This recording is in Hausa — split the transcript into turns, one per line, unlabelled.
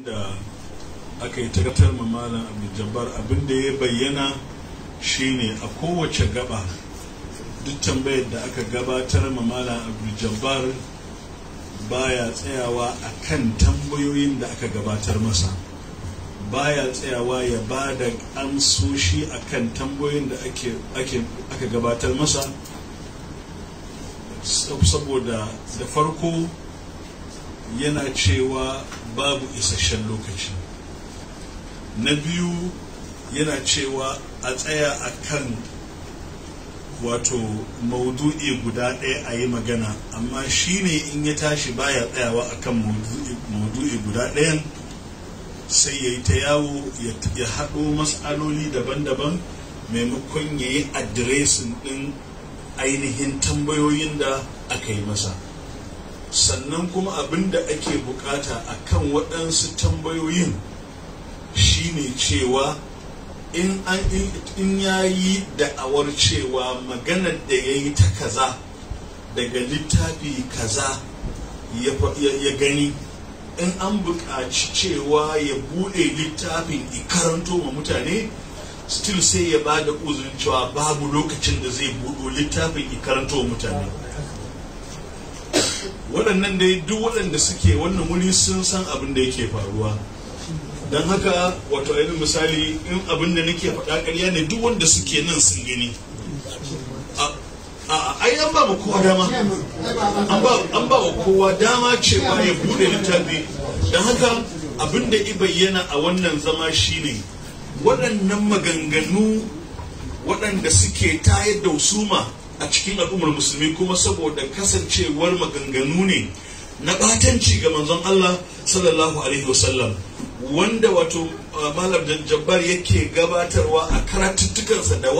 da aka yi takatar malam abin da ya bayyana shine a kowace gaba duk tambayar da aka gabatar malam ba baya tsayawa a kan tambayoyin da aka gabatar masa baya tsayawa ya ba da amsoshi a kan tambayoyin da aka gabatar masa saboda da farko yana cewa babu isasshen lokaci na biyu yana cewa a tsaya a kan wato maudu'i guda ɗaya a yi magana amma shi ne in ya tashi baya tsayawa a kan maudu'i guda ɗayan sai ya yi ta yawo ya haɗo matsaloli daban-daban maimakon ya yi adiresin ɗin ainihin tambayoyin da aka yi masa sannan kuma abin da ake bukata a kan waɗansu tambayoyin shine cewa in an in ya yi da'awar cewa maganar da ya yi ta kaza daga littafi kaza ya gani in an buƙaci cewa ya buɗe littafin ikaranto ma mutane still sai ya ba da uzun cewa babu lokacin da zai buɗo littafin ikaranto wa mutane waɗannan dai duk waɗanda suke wannan wuri sun san abin da yake faruwa don haka wato ainihin misali in abin da nake faɗa ƙarya ne duk wanda suke nan sun gani ai an ba kowa dama an ba wa kowa dama cewa ya bude littafi don haka abin da i bayyana a wannan zama shine waɗannan maganganu waɗanda suke tayar da husuma a cikin al'ummar musulmi kuma saboda kasancewar maganganu ne na batanci ga manzon Allah sallallahu alaihi wasallam wanda wato uh, malam jabbar yake gabatarwa a karatuttukansa da